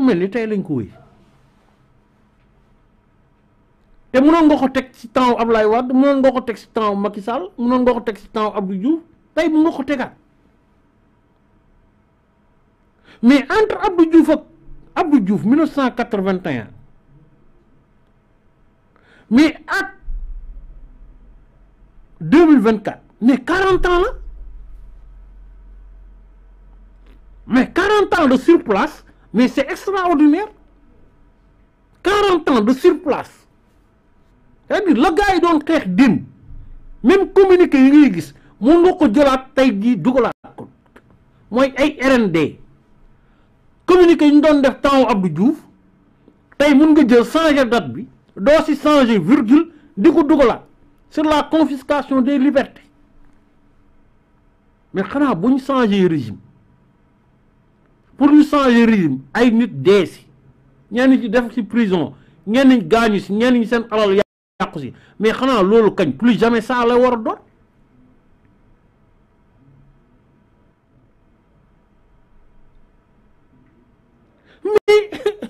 mu mel ni tey lañ ko wéy te mënoon nga ko teg ci temps Ablaye Wade mënoon nga ko teg ci temps Macky Sall mënoon teg ci temps Abdou Diouf tey mën nga ko tegaat mais entre Abdou Diouf ak Abdou Diouf 1981 mais ak 2024 mais 40 ans la mais 40 ans de surplace. Mais c'est extraordinaire. 40 ans de surplace. C'est-à-dire, le gars, il donne Même communiquer il dit, mon est de la taille dit, dougola. Moi, RND. Communiqué, il des temps à Abdou il Taille, mon gars, de date, bi. virgule, dit Sur la confiscation des libertés. Mais quand on a le régime, pour nous changer il ay nit des si ñenn def ci prison ñenn ñi ni si ñenn mais xana loolu kañ plus jamais ça la war do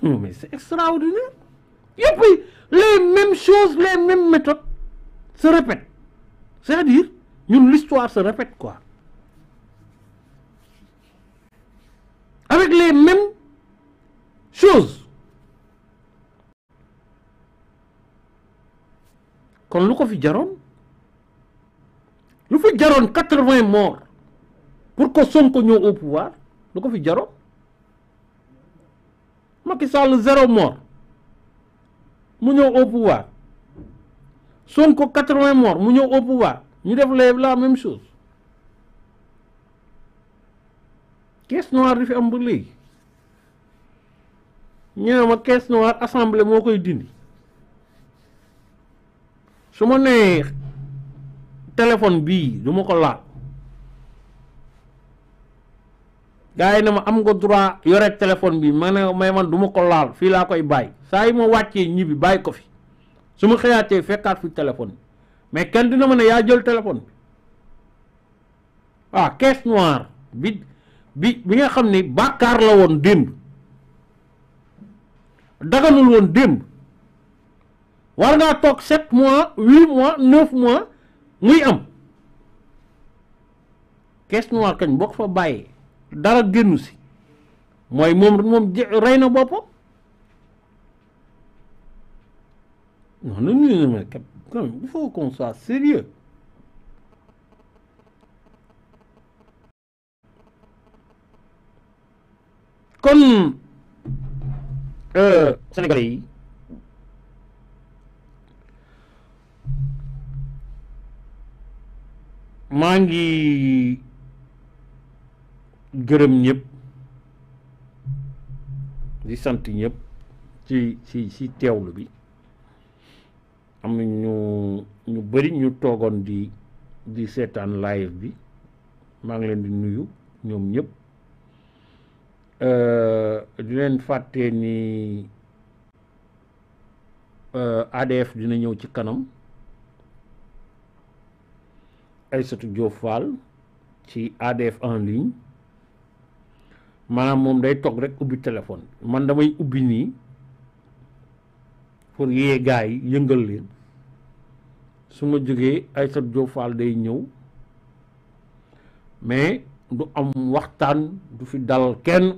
mais c'est extraordinaire et puis les mêmes choses les mêmes méthodes se répètent c'est-à-dire une l'histoire se répète quoi kon lu ko fi jaroon lu fi jaroon 80 vingts morts pour que Sonko ñëw au pouvoir lu ko fi jaroon Macky Sall zéro mort mu ñëw au pouvoir Sonko quatre-vingts morts mu ñëw au pouvoir ñu def la la même chose caisse noire di fi am bu léegi ñu ne ma caisse noire assemblée mo koy dindi su ma nee téléphone bii duma ko laal gars yi ne ma am nga droit yore téléphone bi ma ne may man du ma ko laal fii laa koy bàyyi saa yi ma wàccee ñibbi bàyyi ko fi su ma xëyaatee fekkaat fi téléphone bi mais kenn dina ma ne yaa jël téléphone bi waaw ah, caisse noire bi bi bi nga xam ne bàkkaar la woon démb daganul woon démb war ngaa toog 7 mois 8 mois 9 mois muy am caisse noire kañ boo ko fa bàyyee dara génnu si mooy moom moom rey na bopp non non non mais quand même il faut qu'on soit sérieux kon euh, sénégalais yi maa ngi gërëm ñépp di sant ñëpp ci ci ci teewlu bi am na ñu ñu bëri ñu toogoon di di seetaan live bi maa ngi leen di nuyu ñoom ñëpp di leen fàtte ni ADF dina ñëw ci kanam Aïssatou Diop Fall ci ADF en ligne manam mom day tok rek ubi téléphone man damay ubi ni pour yé gaay yëngal leen suma joggé jógee Aïssatou Diop Fall day ñëw mais du am waxtaan du fi dal kenn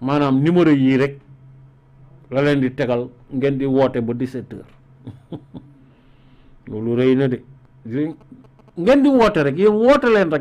manam numéro yi rek la leen di tegal ngeen di woote ba 17 h lolu reyna de ngeen di woote rek yéen woote leen rek